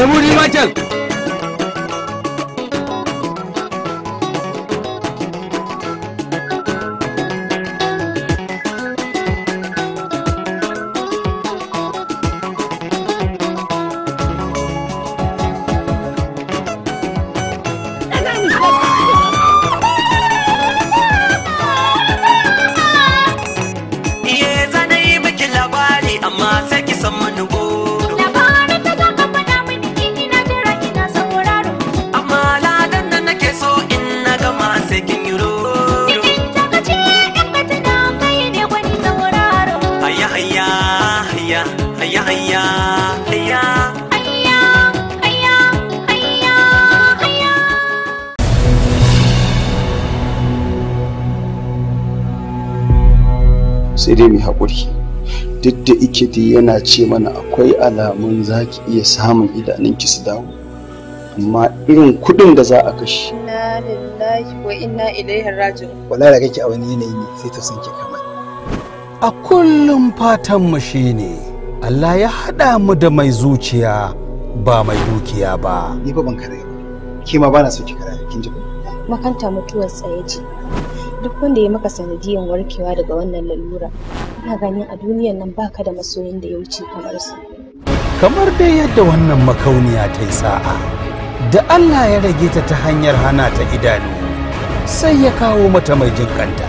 Debout Limachal ubangiji yana ce mana akwai alamun za ki iya samun idanunki su dawo amma irin kuɗin da za a kashe inna lillahi wa inna ilaihi raji'un wala da kake a wani yanayi ne sai ta sanke kama. a kullum fatan mu shine Allah ya haɗa mu da mai zuciya ba mai dukiya ba ni fa ban kare ba ke ma bana so ki kare kin ji makanta mutuwar tsaye ce duk wanda ya maka sanadiyan warkewa daga wannan lalura ina ganin a duniyan nan baka da masoyin da ya wuce kamar su kamar dai yadda wannan makauniya ta yi sa'a da Allah ya rage ta ta hanyar hana ta idanu sai ya kawo mata mai jin kanta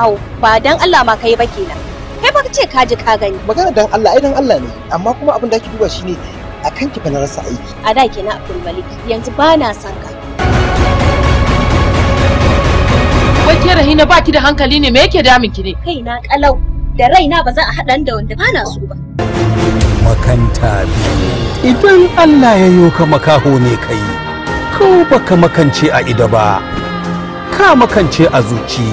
au ba dan Allah ma kai ba kenan kai ba ce ka ji ka gani magana dan Allah ai dan Allah ne amma kuma abin da ake duba shine akan ki fa na rasa aiki a da kenan Abdul Malik yanzu ba na son ka Wai ke Rahina baki da hankali ne me yake damin ki ne? na kalau da raina ba za a haɗa da wanda bana so ba. Makanta Idan Allah ya yo ka makaho ne kai, ko baka makance a ido ba, ka makance a zuci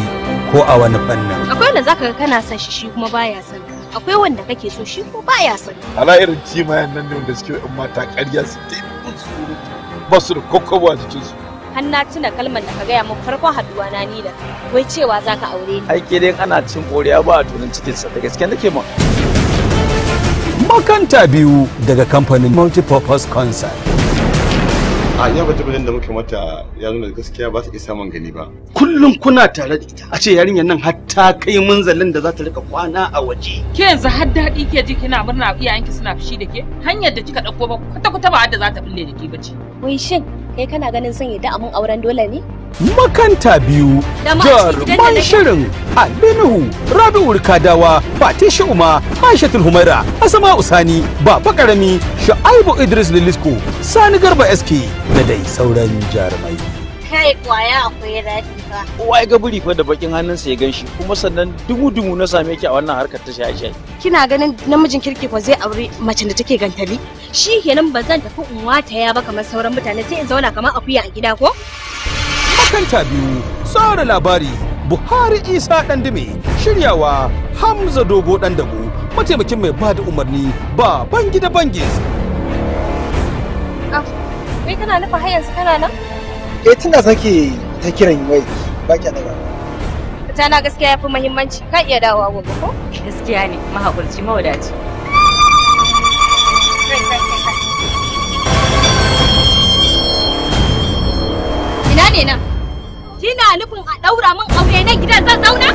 ko a wani fannin. Akwai wanda zaka ga kana son shi shi kuma baya son ka. Akwai wanda kake so shi ko baya son Ala irin kimayen nan ne wanda suke in mata ƙarya su ba su da kokobo jikinsu. har na tuna kalmar da ka gaya mu farkon haduwa na ni da wai cewa za ka aure ni aike dai ana cin koriya ba a tunan cikin sa da gaske nake ma makanta biyu daga kamfanin multipurpose concert a yau ba tabbatar da muke mata yarinyar gaskiya ba ta isa man gani ba kullum kuna tare da ita a ce yarinyar nan har ta kai munzalin da za ta rika kwana a waje ke yanzu har daɗi ke ji kina murna iyayenki suna fushi da ke hanyar da kika ɗauko ba kwata kwata ba da za ta bulle da ke bace wai shin kai kana ganin sun da amin auren dole ne? Makanta biyu, jarman shirin Aminu, Rabi'ul Kadawa, Fati Uma, Aishatul Humaira, Asama Usani, Baba Karami, Sha'aibu Idris Lilisko, Sani Garba SK da dai sauran jarumai. kai kwaya akwai rafi fa ya ga buri fa da bakin hannunsa ya ganshi kuma sannan dumu dumu na same ki a wannan harkar ta shaye kina ganin namijin kirki fa zai aure macen da take gantali shi kenan ba zan tafi in wata ya ba kamar sauran mutane sai in zauna kamar akuya a gida ko makanta biyu tsara labari buhari isa dandime shiryawa hamza dogo dandago mataimakin mai ba da umarni ba bangida da bangis ah, kai kana nufa har yanzu kana nan eh tunda sake ta kiran wai ba ki daga ta na gaskiya yafi muhimmanci ka iya dawo gobe ko gaskiya ne mahaƙurci mawadaci ina ne nan kina nufin a ɗaura min aure na gidan zan zauna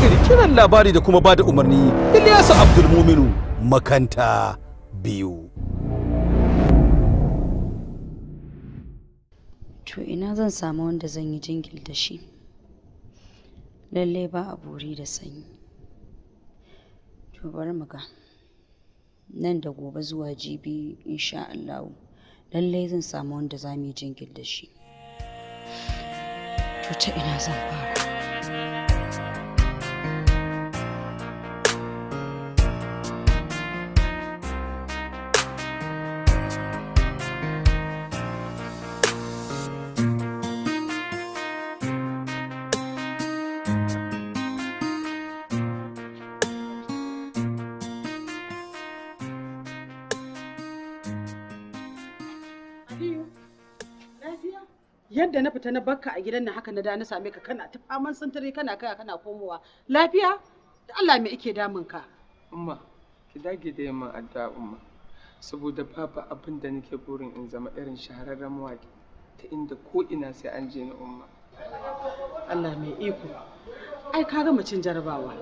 kirkiran labari da kuma bada umarni Ilyasu Abdulmuminu makanta biyu to ina zan samu wanda zan yi jingil da shi lallai ba a buri da sanyi to bari mu ga nan da gobe zuwa jibi insha Allah lallai zan samu wanda za mu yi jingil da shi to ta ina zan fara yadda na fita na bakka a gidan nan haka na da na same ka kana ta faman santare kana kaya kana komowa lafiya da Allah me yake damun ka umma ki dage da yamma adda umma saboda babu abin da nake burin in zama irin shahararren mawaki ta inda ko ina sai an je ni umma Allah mai iko ai ka ga mucin jarabawa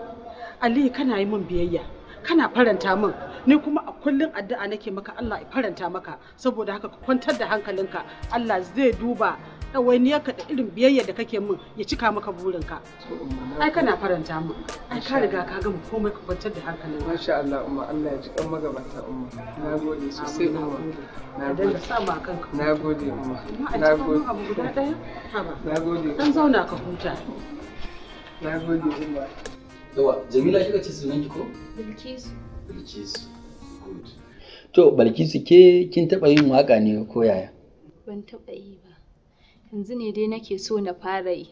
Aliyu kana yi min biyayya kana faranta min ni kuma a kullum addu'a nake maka Allah ya faranta maka saboda haka ka kwantar da hankalinka Allah zai duba wai ni ɗawainiyarka da irin biyayya da kake min ya cika maka burinka. Ai kana faranta mu. Ai ka riga ka gama komai ka kwantar da hankalin. Masha Allah umma Allah ya ji kan magabata umma. Na gode sosai umma. Na gode. sa ba kanka. Na gode umma. Na gode. Abu guda ɗaya? Na gode. Dan zauna ka huta. Na gode umma. Yawa Jamila kika ce sunanki ko? Bilkisu. Bilkisu. Good. To Balkisu ke kin taɓa yin waƙa ne ko yaya? Ban taɓa yi ba. yanzu ne dai nake so na fara yi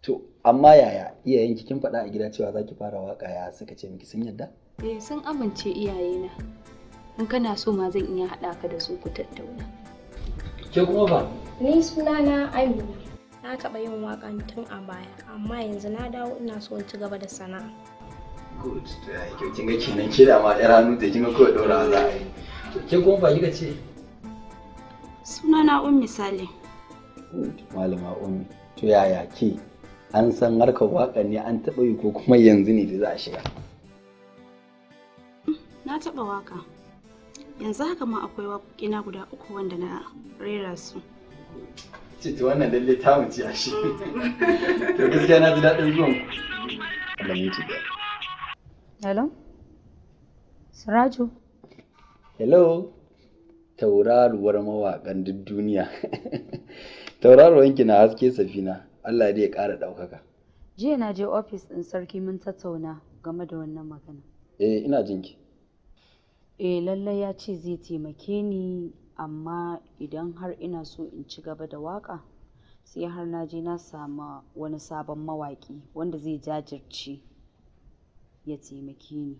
to amma yaya iyayen kin faɗa a gida cewa za ki fara waƙa ya suka ce miki sun yadda eh sun amince iyayena in kana so ma zan iya haɗa ka da su ku tattauna ke kuma ba ni suna na amina na taɓa yin waƙa tun a baya amma yanzu na dawo ina so in ci gaba da sana'a good to kin ga kenan ke da ma ɗan ranu da kin ga kawai ɗora za a yi ke kuma ba kika ce suna na ummi salim malama ummi to yaya ke an san harkar waka ne an taɓa yi ko kuma yanzu ne da za a shiga na taɓa waka yanzu haka ma akwai waƙoƙina guda uku wanda na rera su ciki wannan lalle ta mace a shi to gaskiya na ji daɗin zuwan ku Allah ya ci hello siraju hello tauraruwar mawaƙan duk duniya tauraruwan ki na haske safina Allah ya ƙara ɗaukaka jiya na je ofis ɗin sarki mun tattauna game da wannan magana eh ina jin eh lallai ya ce zai taimake ni amma idan har ina so in ci gaba da waka sai har na je na sami wani sabon mawaƙi wanda zai jajirce ya taimake ni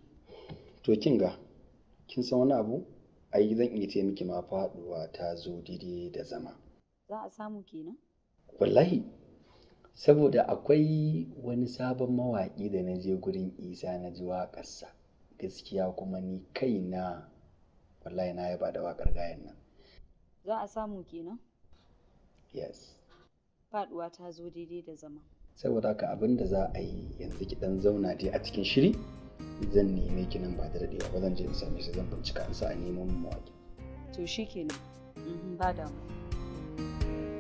to kin ga kin san wani abu ai zan iya ce miki ma faduwa ta zo daidai da zama za a samu kenan wallahi saboda akwai wani sabon mawaƙi da na je gurin isa na ji waƙarsa gaskiya kuma ni kaina wallahi na yaba da waƙar gayan nan za a samu kenan yes faduwa ta zo daidai da zama saboda haka abin da za a yi yanzu ki dan zauna dai a cikin shiri zan neme kinan nan ba da daɗewa ba zan je in same shi zan bincika in sa a neman mu mawaƙi. To shi ke nan mhm, Ba da mu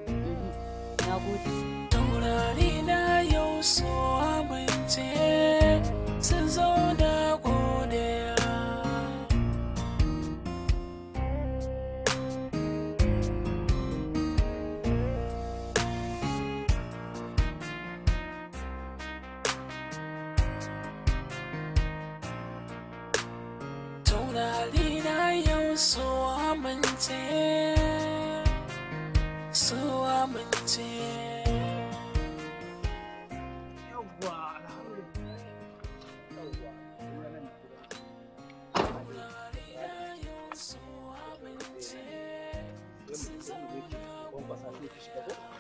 mhm, Na gode. Taurari na yau so amince sun zaune. tunanina yau su amince su amince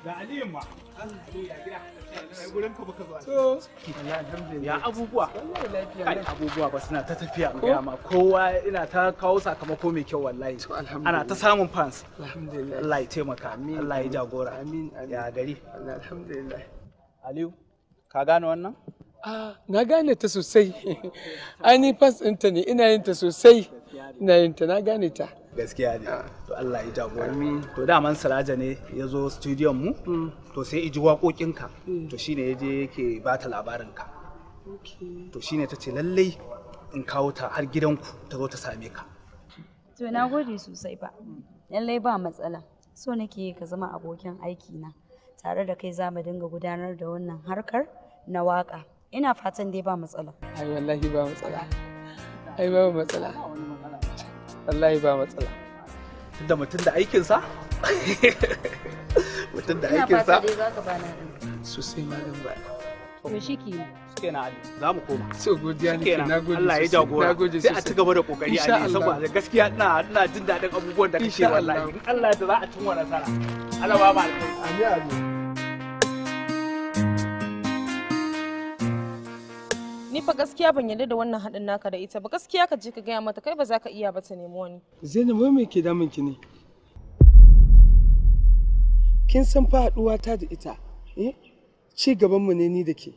Da Alima, an ya gida. gurin ka baka zo ya abubuwa kai abubuwa ba suna ta tafiya ga ma kowa ina ta kawo sakamako mai kyau wallahi ana ta samun fans Allah ya taimaka Allah ya jagora ya gari alhamdulillah Aliyu ka gane wannan ah, na gane ta sosai ani fans ɗinta ne ina yin ta sosai ina yin ta na gane ta gaskiya ne ah. to Allah ya jagora to daman salaja ne ya zo studio mu mm. to sai iji waƙoƙinka mm. to ne ya je yake ba ta labarinka to shi ne ta ce lallai in kawo ta har gidanku ta zo ta same ka to na gode sosai ba lallai ba matsala so nake ka zama abokin aiki na tare da kai za mu dinga gudanar da wannan harkar na waƙa ina fatan dai ba matsala ai wallahi ba matsala ai ba matsala wallahi ba matsala tunda mutum da aikinsa mutum da aikinsa mm, sosai ma zan ba Me shi Suke na Ali za mu koma so godiya ne na gode Allah ya jagora sai a ci gaba da kokari a ne saboda gaskiya ina ina jin dadin abubuwan da kake wallahi in Allah ya za a cin wa nasara Allah ba ma alƙawari amin amin ni fa gaskiya ban yarda da wannan haɗin naka da ita ba gaskiya ka je ka gaya mata kai ba za ka iya ba ta nemi wani zainab wai me ke damun ki ne kin san faɗuwa ta da ita eh? ci gaban mu ne ni da ke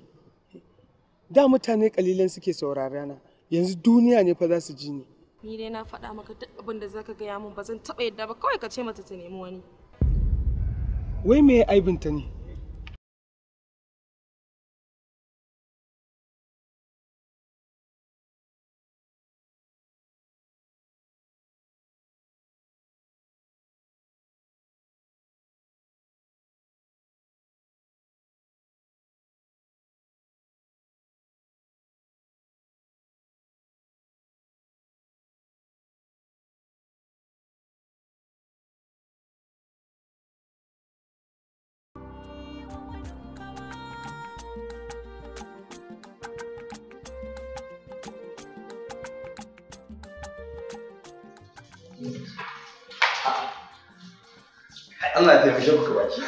da mutane kalilan suke saurara na yanzu duniya ne fa za su ji ni ni dai na faɗa maka duk abin da zaka gaya min ba zan taɓa yadda ba kawai ka ce mata ta nemi wani wai me aibinta ne Allah ya taimake ku baki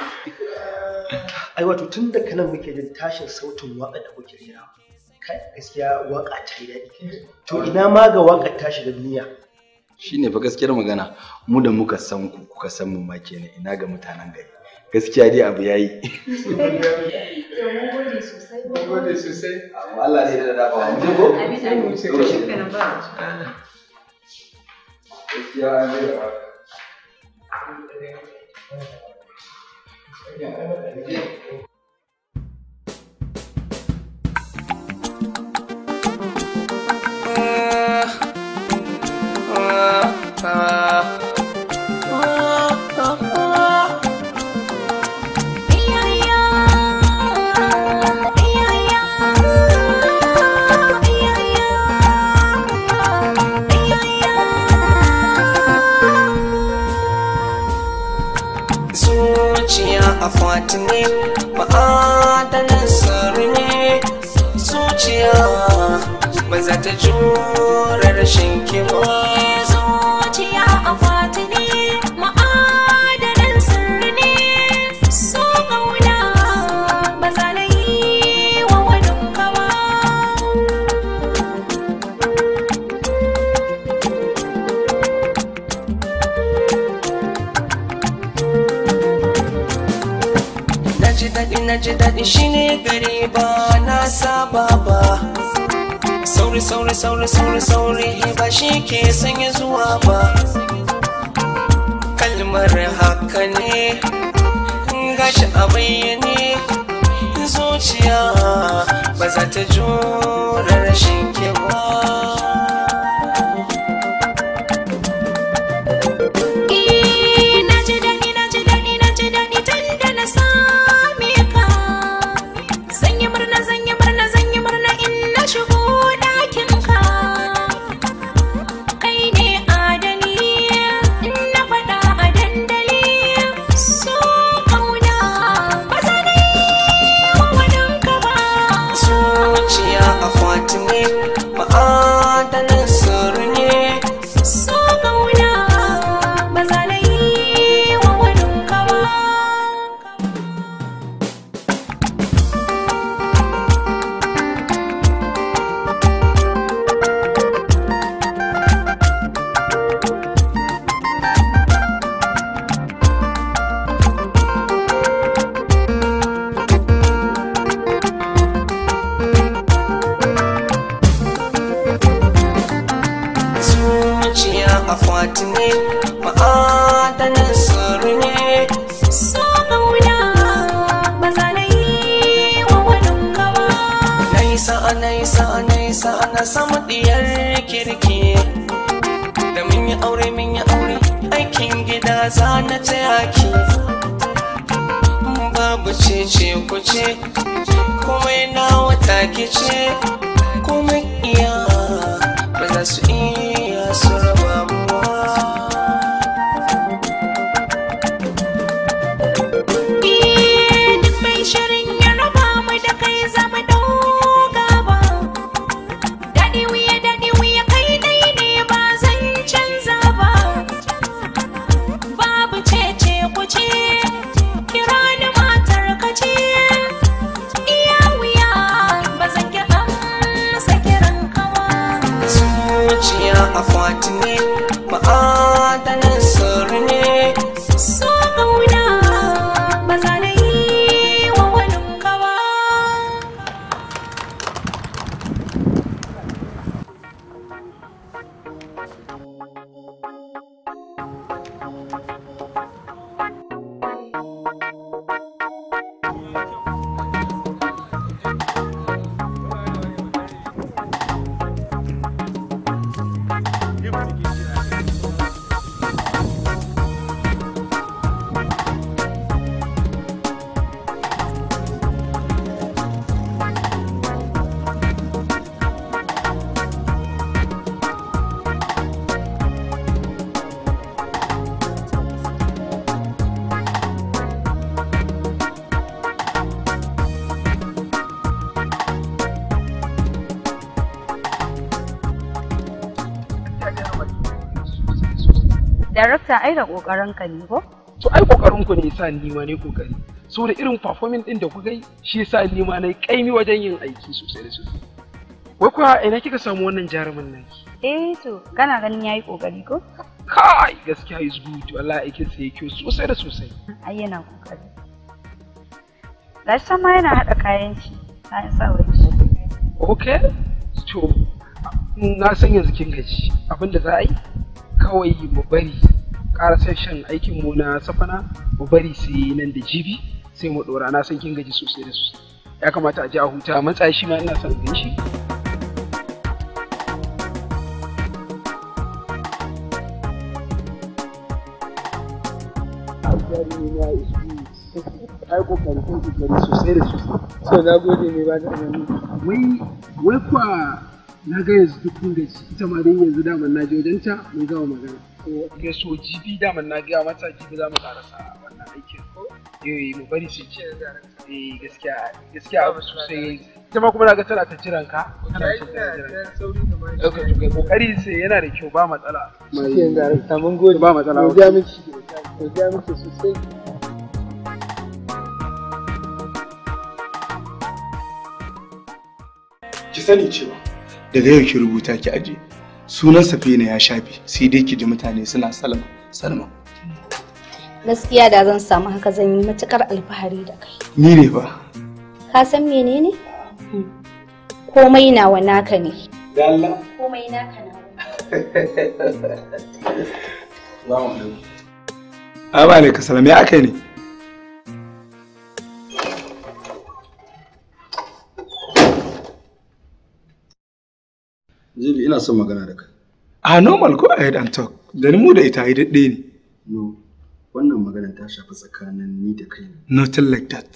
ai wato tun daga nan muke jin tashin sautin waka da kuke rera gaskiya waka ta yi daɗi to ina ma ga waƙa ta shiga duniya ne fa gaskiyar magana mu da muka san ku kuka san mu ma kenan ina ga mutanen gari gaskiya dai abu yayi Allah ne da dafa ko gaskiya an yi giải các vấn đề này hati ne ma'adanin sauri ne zuciya ba za ta jura rashin kiba sauri sauri sauri ba shi ke sanya zuwa ba kalmar haka ne gashi a bayyane zuciya ba za ta jure rashin kewa sa ai da kokarin ka ne ko to ai kokarin ku ne yasa ni ma ne kokari so da irin performing din da ku yi shi yasa ni ma nayi kaimi wajen yin aiki sosai da sosai wai kuwa ina kika samu wannan jarumin nan eh to kana ganin yayi kokari ko kai gaskiya is good wallahi aikin sa yake sosai da sosai ai yana kokari gashi ma yana hada kayan shi kayan sawa shi okay to na san yanzu kin gaji abinda za a yi kawai mu bari ƙara sashen aikin mu na safana mu bari sai nan da jibi sai mu ɗora na san kin gaji sosai da sosai ya kamata a ji a huta shi ma ina son gan shi ai kokarin kan gari sosai da sosai so na gode ne ba da wai wai kwa na ga yanzu duk kun gaji ita ma dai yanzu daman na je wajenta mun gama magana ko ke so jibi daman na gaya mata jibi za mu karasa wannan aikin ko eh mu bari su ce eh gaskiya gaskiya abu sosai ita ma kuma na ga tana ta jiran ka tana ta jiran ka kokari sai yana da kyau ba matsala mai yin da ta mun gode ba matsala mu ga miki mu ga miki sosai ki sani cewa daga yau ki rubuta ki aje sunan safina ya shafe sai dai ki ji mutane suna salma salama gaskiya da zan samu haka zan yi matukar alfahari da kai ni ne ba ka san menene hmm. komai nawa naka ne dalla komai naka nawa Assalamu alaikum. Wa alaikum salam. Ya akai ne? Zubi ina son magana da kai. A normal ko ahead and talk. Da ni mu da ita ai daɗe ne. No. Wannan magana ta shafi tsakanin ni da kai. Nothing like that.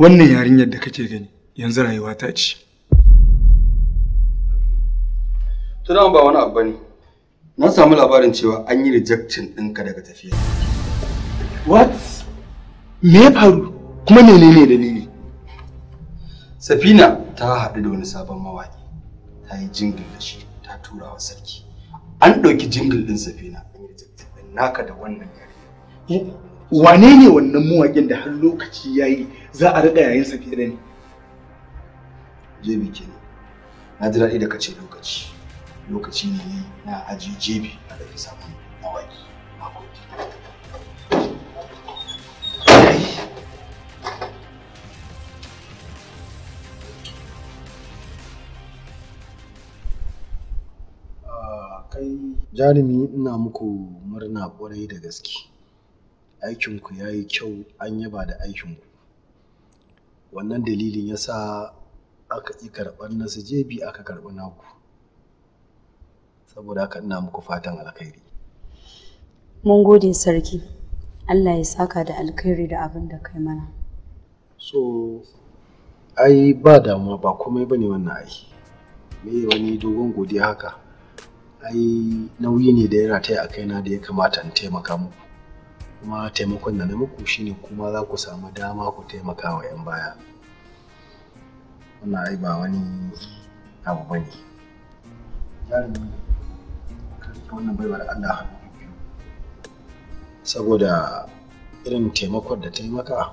Wannan yarinyar da kake gani yanzu rayuwa ta ce. Tunan ba wani abu bane. Na samu labarin cewa an yi rejection ɗinka daga tafiya. What? Me ya faru? Kuma menene dalili? Safina ta haɗu da wani sabon mawaƙi. ta yi jingil da shi ta tura wa sarki an ɗauki jingil ɗin safina an yi tattaɓin naka da wannan yare wane ne wannan mawaƙin da har lokaci ya yi za a riƙa yayin safina ne jebi ne na ji daɗi da kace lokaci lokaci ne na aji jebi a ɗauki sabon mawaƙi Jarumi ina muku murna kwarai da gaske. Aikinku ya yi kyau an yaba da aikinku. Wannan dalilin ya sa aka ƙi karɓar nasu jebi aka karɓi naku. Saboda haka ina muku fatan alkhairi. Mun gode sarki. Allah ya saka da alkhairi da abin da kai mana. So, ai ba damuwa ba komai bane wannan ai. Me wani dogon godiya haka? ai nauyi ne da yana taya a kaina da ya kamata in taimaka muku kuma taimakon da na muku shine kuma za ku samu dama ku taimaka wa 'yan baya wannan ai ba wani abu ba ne wannan baiwar Allah saboda irin taimakon da taimaka,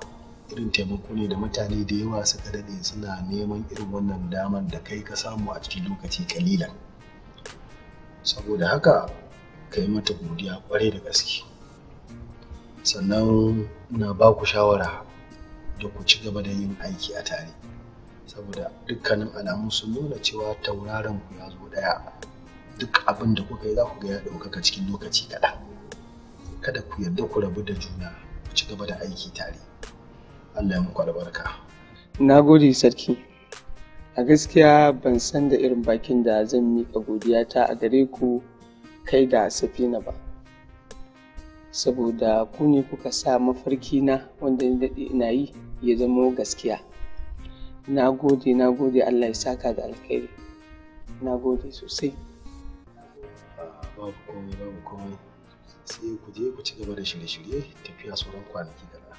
irin taimako ne da mutane da yawa suka daɗe suna neman irin wannan damar da kai ka samu a cikin lokaci kalilan. saboda haka ka yi mata godiya kwarai da gaske sannan na ba ku shawara da ku ci gaba da yin aiki a tare saboda dukkanin alamu sun nuna cewa tauraron ku ya zo daya duk abin da kuka yi za ku ga ya ɗaukaka cikin lokaci kaɗan kada ku yarda ku rabu da juna ku ci gaba da aiki tare Allah ya muku albarka na gode sarki a gaskiya ban san da irin bakin da zan miƙa ta a gare ku kai da safina ba saboda ku ne kuka sa mafarki na wanda ni daɗe ina yi ya zama gaskiya na gode na gode allah ya saka da alkhairi na gode sosai ah, babu komai babu komai sai ku je ku ci gaba da shirye-shirye tafiya sauran kwanaki kaɗan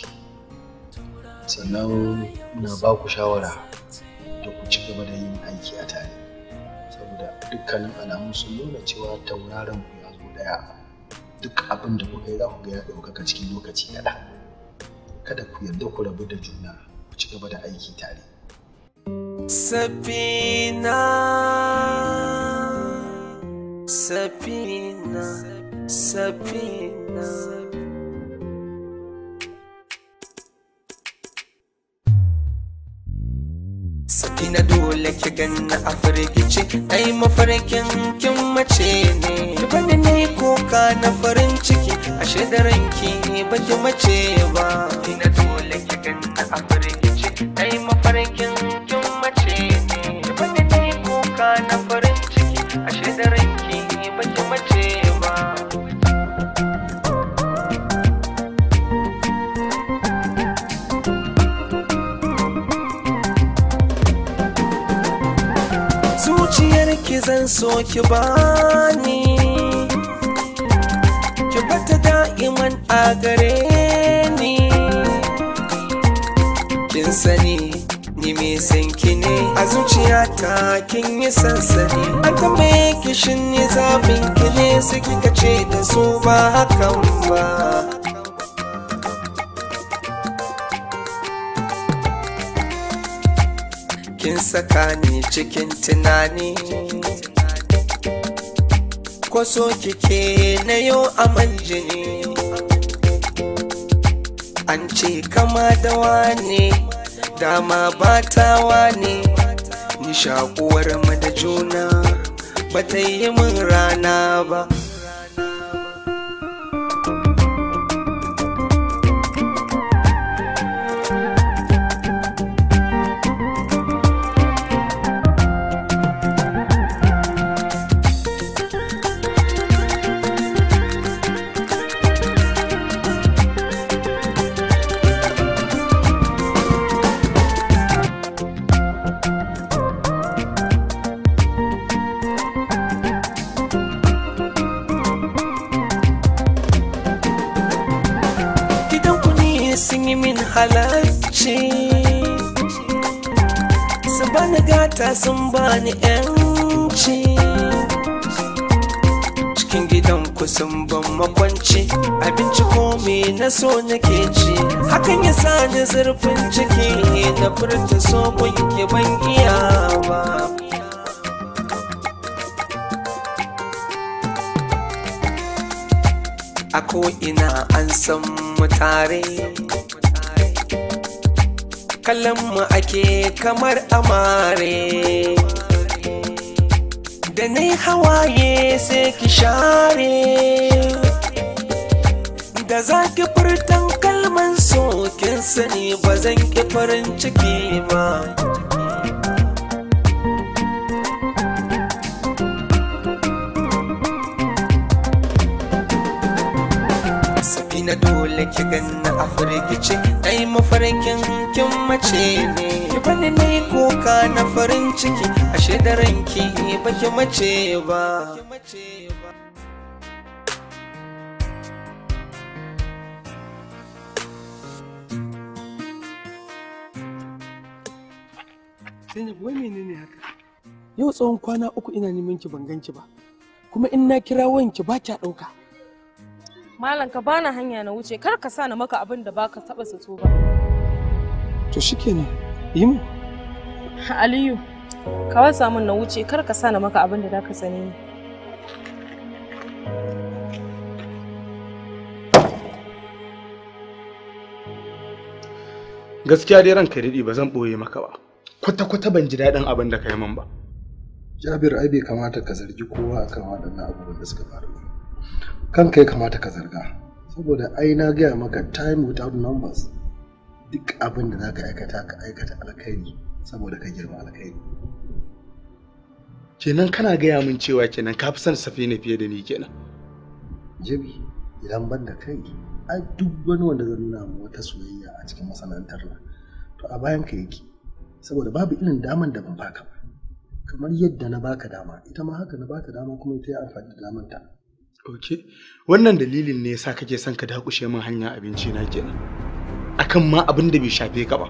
sannan na ba ku shawara da ku ci gaba da yin aiki a tare saboda dukkanin alamun sun nuna cewa tauraron ku ya zo daya duk abin da kuka yi za ku ga ya ɗaukaka cikin lokaci kaɗan kada ku yarda ku rabu da juna ku ci gaba da aiki tare Sabina Sabina, Sabina. na dole ki ganna a firgici ai mafarkin kin mace ne ki bani ne koka na farin ciki ashe da ba baki mace ba ki na dole ki ganna a firgici ai mafarkin so ki bani ki bata da'iman a gare ni kin sani ni me san ki ne a zuciyata kin yi sansani an tambaye ki shin ni zabin ki ne su ce da su ba hakan ba kin saka ni cikin tunani kwaso kike na yau aman jini an ce kama da wani dama ba ta wani nishakuwar mu da juna ba ta yi min rana ba mata sun bani yanci cikin gidan sun ban makwanci abinci komai na so nake ci hakan ya sa ni zurfin ciki na furta so ban ban iya ba a ina an san mu tare kallon mu ake kamar amare da nai hawaye sai ki share da za ki furtan kalman so kin sani ba zan ki farin ciki ba na dole ki ganna a firgice dai mafarkin kin mace ne ki bani na yi kuka na farin ciki ashe da ranki baki mace ba wai menene Yau tsawon kwana uku ina neman ki ban ganki ba. Kuma in na kira wayanki ba kya ɗauka. malam ka bani hanya na wuce kar ka sa na maka abin da baka taba sato ba to shikenan yi mu aliyu ka wasa min na wuce kar ka sa na maka abin da zaka sani gaskiya dai ranka daɗi ba zan ɓoye maka ba kwata-kwata ban ji daɗin abin da ka yi min ba jabir ai bai kamata ka zargi kowa akan waɗannan abubuwan da suka faru kanka ya kamata ka zarga saboda ai na gaya maka time without numbers duk abin da za ka aikata ka aikata alkhairi saboda ka girma alkhairi kenan kana gaya min cewa kenan ka fi son safina fiye da ni kenan jibi idan ban da kai ai duk wani wanda zan nuna mu wata soyayya a cikin masana'antar nan to a bayan ka yake saboda babu irin daman da ban baka ba kamar yadda na baka dama ita ma haka na baka dama kuma ita ya amfani da daman ta. Ok. Wannan dalilin ne yasa kake son ka dakushe min hanya abinci na kenan. Akan ma abin da bai shafe ka ba.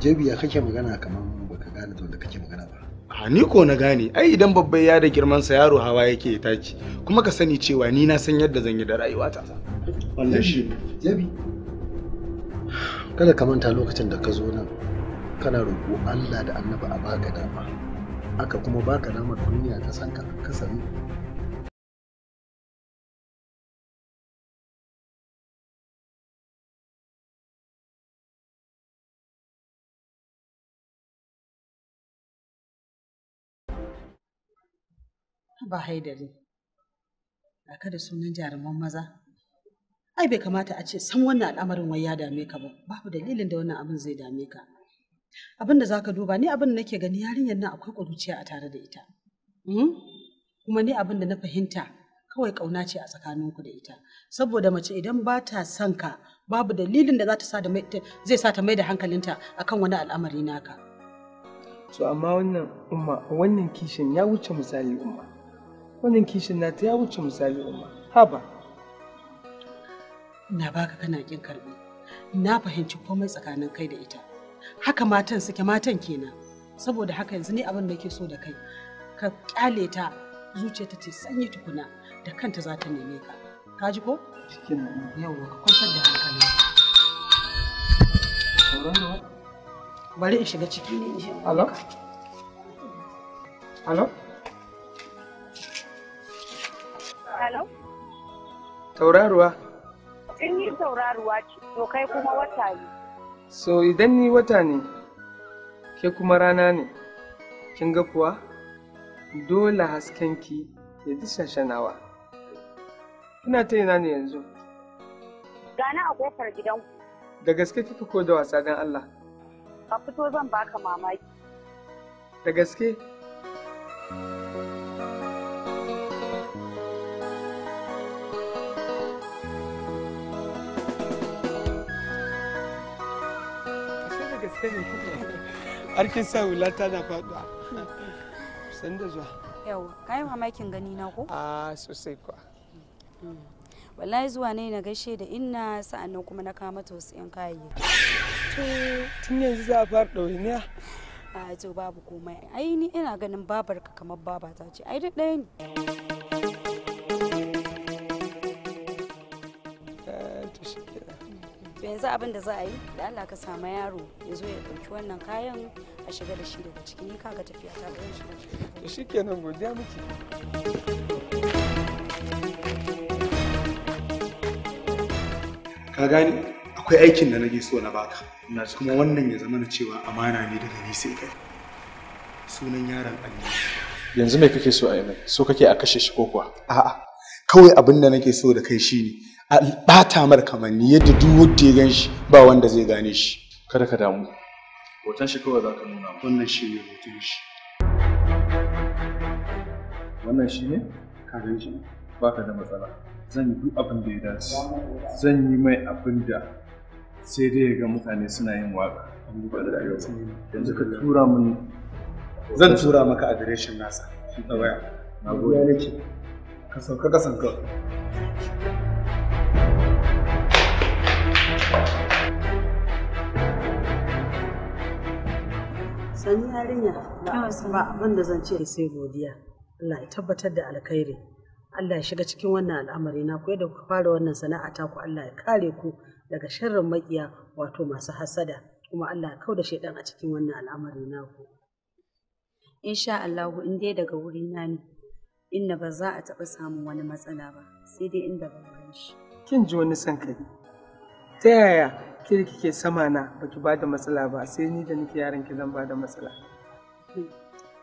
Jabi ya kake magana kamar baka gane da kake magana ba. A ni ko na gane, ai idan babban ya da girman sa yaro hawa yake taki. Kuma ka sani cewa ni na san yadda zan yi da rayuwata. Wannan shi. Jabi. Kada ka manta lokacin da ka zo nan. Kana roƙo Allah da Annabi a baka dama. Aka kuma baka damar duniya ta sanka ka sami ba haidari a da sunan jaruman maza ai bai kamata a ce san wannan al'amarin wai ya dame ka ba babu dalilin da wannan abin zai dame ka abin da zaka duba ni abin da nake gani yarinyar nan akwai ƙuruciya a tare da ita hmm? kuma ni abin da na fahimta kawai kauna ce a tsakanin ku da ita saboda mace idan ba ta son ka babu dalilin da zai sa ta mai da hankalinta akan wani al'amari naka. to amma wannan umma wannan kishin ya wuce misali umma wannan kishin nata ya wuce misali umma haba na baka kana kin karbi na fahimci komai tsakanin kai da ita haka matan suke matan kenan saboda haka yanzu ne abin da ke so da kai ka kyale ta zuciyarta ce sanye tukuna da kanta za ta neme ka ka ji ko cikin yawa ka kwantar da hankali bari in shiga ciki ne alo alo Tauraruwa? In yi tauraruwa ce, to kai kuma wata ne. So idan ni wata ne, ke kuma rana ne, kin ga kuwa? Dole haskenki ya ji shashanawa. Kina ta ina ne yanzu? Gana a kofar gidanku. Da gaske kika ko da wasa don Allah? Ka fito zan baka mamaki. Da gaske? thank you arkin sa hula tana faɗuwa san da zuwa yawa kayi mamakin gani na ko a sosai kuwa wallahi zuwa ne na gaishe da inna sa'annan kuma na kama mata wasu 'yan kayayyaki tun yanzu za a fara ɗauniya a to babu komai ai ni ina ganin babarka kamar babata ce ai duk ɗaya ne yanzu abin da za a yi da Allah ka samu yaro ya zo ya ɗauki wannan kayan a shiga da shi daga ciki ni kaga tafiya ta ga shi shi kenan godiya miki ka gani akwai aikin da nake so na baka ina kuma wannan ya zama na cewa amana ne daga ni sai kai sunan yaron annabi yanzu me kake so a yi mai so kake a kashe shi ko kuwa a'a kawai abin da nake so da kai shine a ɓata mar kamanni yadda duk wanda ya ganshi, ba wanda zai gane shi kada ka damu hoton shi kawai za ka nuna wannan shi ne hoton shi wannan shi ne ka gan shi ba ka da matsala zan yi duk abin da ya dace zan yi mai abin da sai dai ya ga mutane suna yin waka yanzu ka tura min zan tura maka adireshin nasa a waya na gode ka sauka kasan kawai Sani yarinya ah, ba abin da zan ce sai godiya. Allah ya tabbatar da alkhairi. Allah ya shiga cikin wannan al'amari na koyar da ku fara wannan sana'a ta ku Allah ya kare ku daga sharrin makiya wato masu hasada kuma Allah ya kau da shaidan a cikin wannan al'amari na ku. Insha Allah in dai daga wuri na ne inda ba za a taɓa samun wani matsala ba sai dai inda ban shi. Kin ji wani son kai. ta yaya ke kike sama na baki ba da matsala ba sai ni da nake yaron ki zan ba da matsala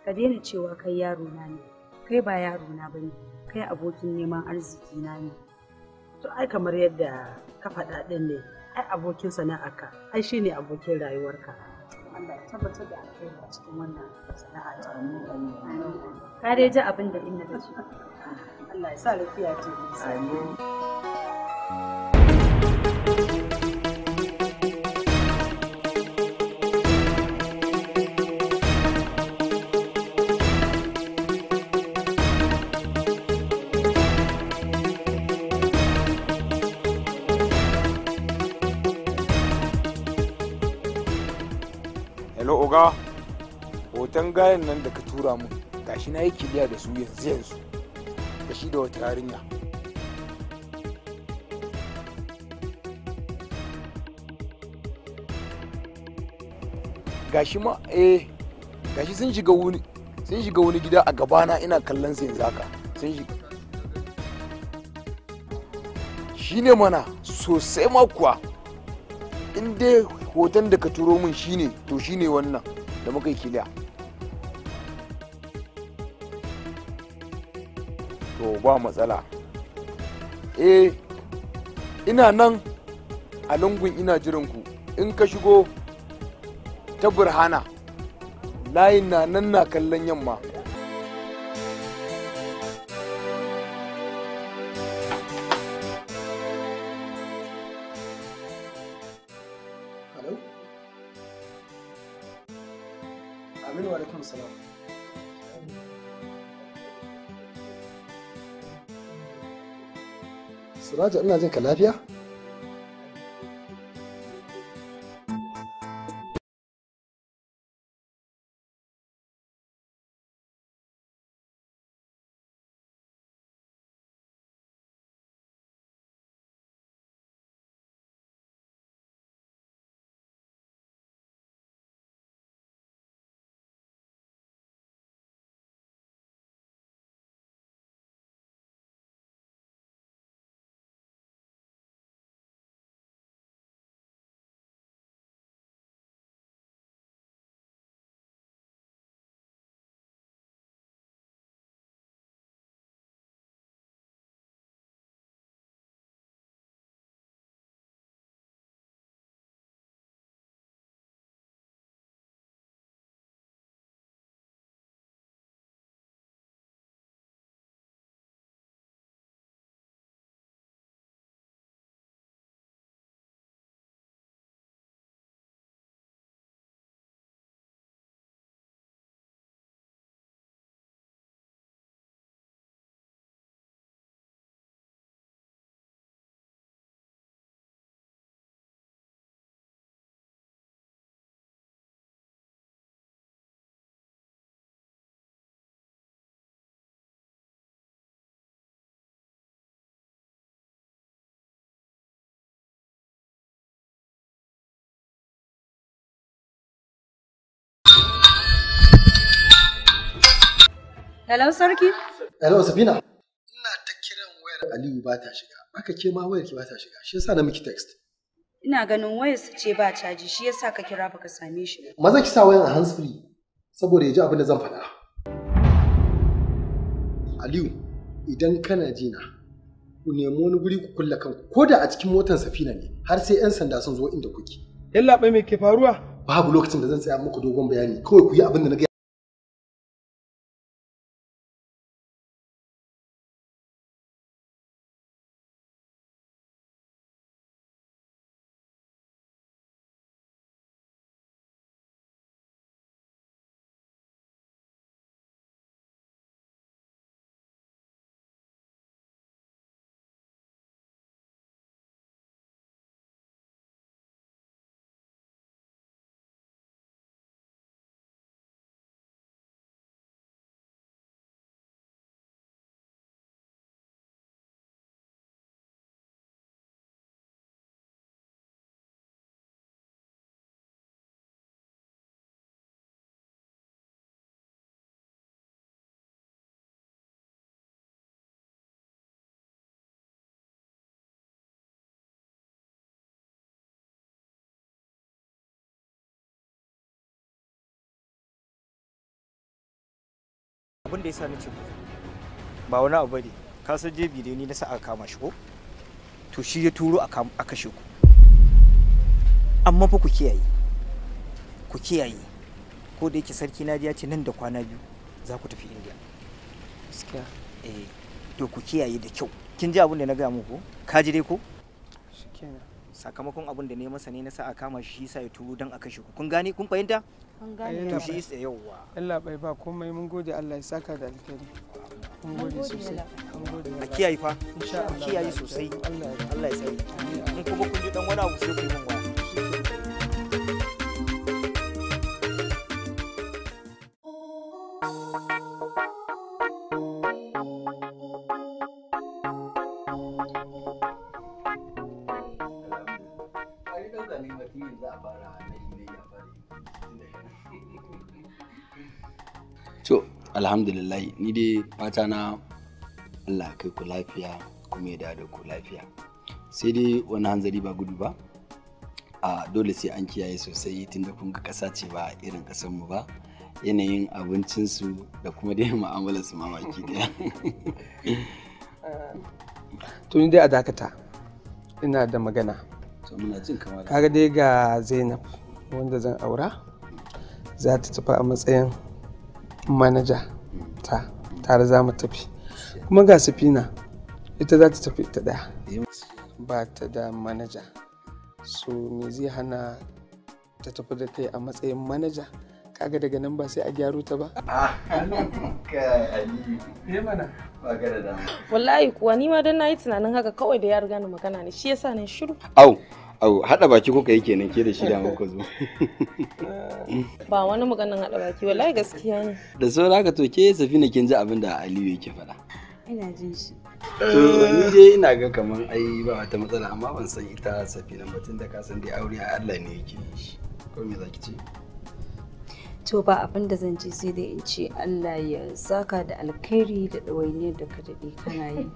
ka daina cewa kai yaro na ne kai ba yaro na bane kai abokin neman arziki na ne to ai kamar yadda ka faɗa ɗin ne ai abokin sana'arka ai shine abokin rayuwarka Allah ya tabbatar da alheri a cikin wannan sana'a ta mu amin ka dai ji abin da inna ta ce Allah ya sa lafiya ta amin gayan nan da ka tura mu gashi na yi kiliya da su yanzu yanzu da shi da wata yarinya gashi ma eh gashi sun shiga wuni sun shiga wani gida a gabana ina kallon su yanzu haka sun shiga shine mana sosai ma kuwa in dai hoton da ka turo min shine to shine wannan da muka yi kiliya ba matsala eh ina nan a lungun ina jirinku in ka shigo ta burhana layin na nan na kallon yamma Hajar ina jin ka lafiya? Hello sarki. Hello Sabina. Ina ta kiran wayar Aliyu ba ta shiga. Aka ke ma wayar ki ba ta shiga. Shi yasa na miki text. Ina ganin wayar su ce ba caji shi yasa ka kira baka same shi ba. Maza ki sa wayar a hands free saboda ya ji abin da zan faɗa. Aliyu idan kana jina ku nemi wani guri ku kulla kan ko da a cikin motar safina ne har sai 'yan sanda sun zo inda kuke. Yallaɓai me ke faruwa? Babu lokacin da zan tsaya muku dogon bayani kawai ku yi abin da na abin da ya sani ce ba wani abu bane ka san jebi da ni na sa aka kama shi ko to shi ya turo a kashe ku amma fa ku kiyaye ku kiyaye ko da yake sarki na ya ce nan da kwana biyu za ku tafi indiya gaskiya eh to ku kiyaye da kyau kin ji abin da na gaya muku ka ji dai ko shikenan sakamakon abin da ne masa ne na sa a kama shi sa ya turo don a kashe ku kun gane kun fahimta kun gane eh, to shi sai yawwa Allah bai ba komai mun gode Allah ya saka da alheri mun gode sosai mun gode a kiyaye fa insha Allah kiyaye sosai Allah ya tsare in kuma kun ji dan wani abu sai ku yi mun alhamdulillah ni dai fata na allah kai ku lafiya kuma ya da ku lafiya sai dai wani hanzari ba gudu ba a dole sai an kiyaye sosai tunda kun ga ƙasa ce ba irin ƙasarmu ba yanayin abincinsu da kuma dai su mamaki daya to ni dai a dakata ina da magana kaga dai ga zainab wanda zan aura za ta tafi a matsayin manaja ta tare za mu tafi kuma ga ita za ta tafi ta daya ba ta da manaja so me zai hana ta tafi da kai a matsayin manaja kaga daga nan ba sai a gyaro ta ba eh wallahi kuwa ni ma dan yi tunanin haka kawai da ya riga ni magana ne shi yasa ne shiru au Au, haɗa baki kuka yi kenan ke da shi da muka zo. Ba wani maganin haɗa baki wallahi gaskiya ne. Da saura haka to ke Safina kin ji abin da Aliyu yake faɗa. Ina jin shi. To ni dai ina ga kaman ai ba wata matsala amma ban san ita Safina batun da ka san dai aure a Allah ne yake shi. Ko me zaki ce? To ba abin da zan ce sai dai in ce Allah ya saka da alkhairi da ɗawainiyar da ka daɗe kana yi.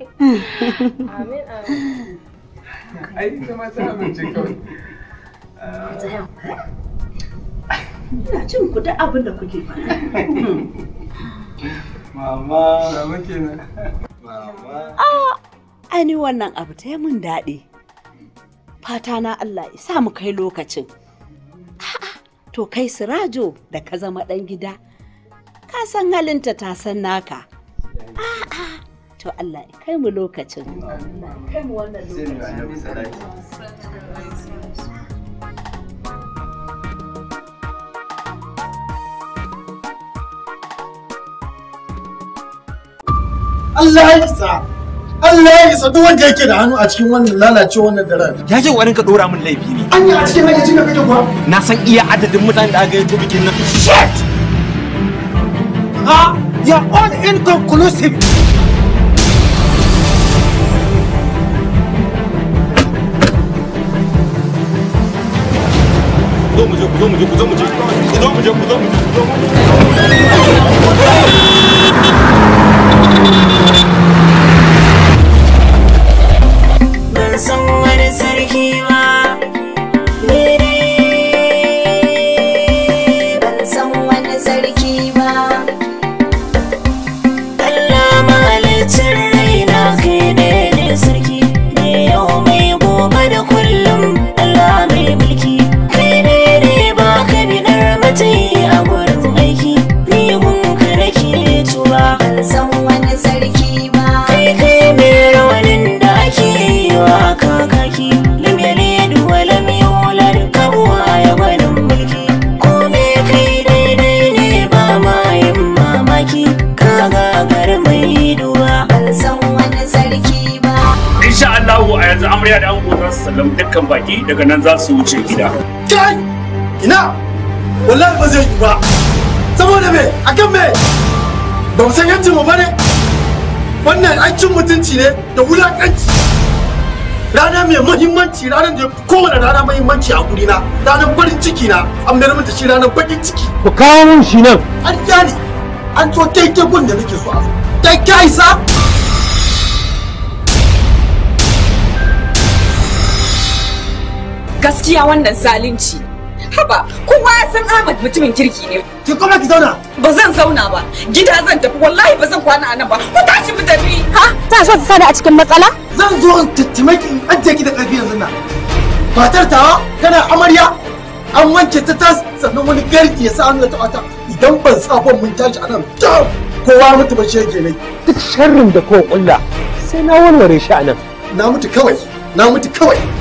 Amin amin. ai cin ku da kuke faɗa mama ani wannan abu ta yi min daɗi fata na Allah isa mu kai lokacin to kai sirajo da ka zama ɗan gida ka san halinta ta san naka a'a to Allah ya kai mu lokacin kai mu wannan lokacin Allah ya isa Allah ya isa duk wanda yake da hannu a cikin wannan lalacewa wannan da daren ya ce warin ka dora min laifi ne an yi a cikin hayyacin da kake kuwa na san iya adadin mutane da aka yi bikin nan shit ah you're all inconclusive zo mu je ku zo mu je ku zo mu je ku zo mu je ku zo mu je amarya da ango za su sallam dukkan baki daga nan za su wuce gida kai ina wallahi ba zai yi ba saboda me akan me ba mu san yancin mu bane wannan an cin mutunci ne da wulakanci rana mai muhimmanci ranar da kowane rana muhimmanci a guri na ranar farin ciki na an mayar mata shi ranar bakin ciki ku kawo mun shi nan an kyani an to kai gun da nake so a kai kai sa gaskiya wannan zalunci haba kowa ya san Ahmad mutumin kirki ne ki kuma ki zauna ba zan zauna ba gida zan tafi wallahi ba zan kwana a nan ba ku tashi mu tafi ha ta so ta sani a cikin matsala zan zo in tattime ki in ajiye ki da ƙarfi yanzu nan matar ta tana amarya an wanke ta tas sannan wani garki ya sa hannu ta ta idan ban sabon mun tashi a nan kowa mutu ba shege ne duk sharrin da kowa kulla sai na warware shi a nan na mutu kawai na mutu kawai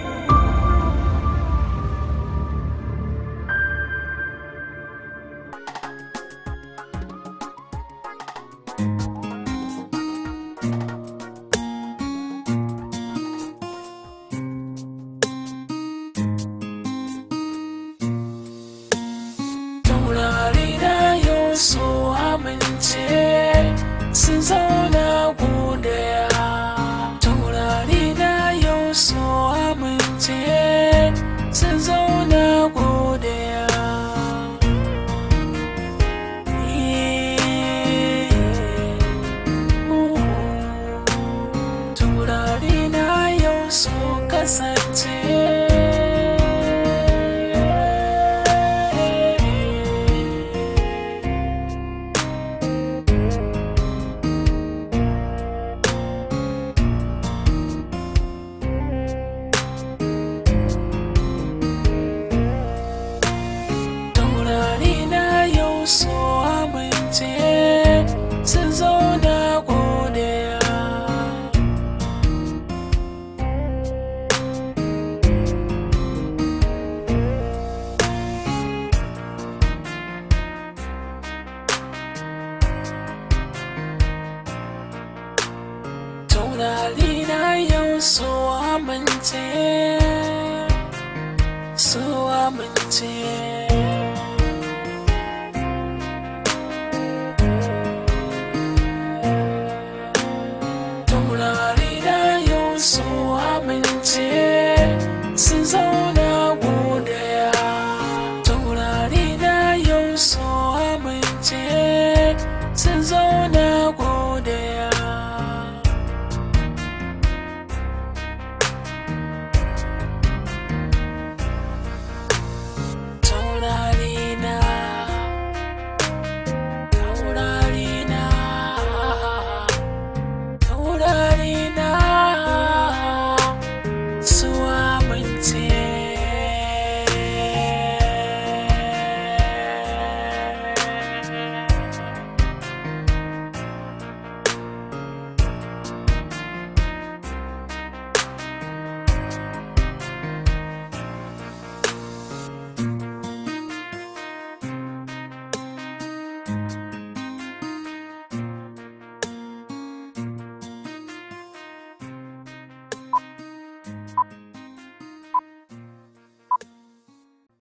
na yau su amince su amince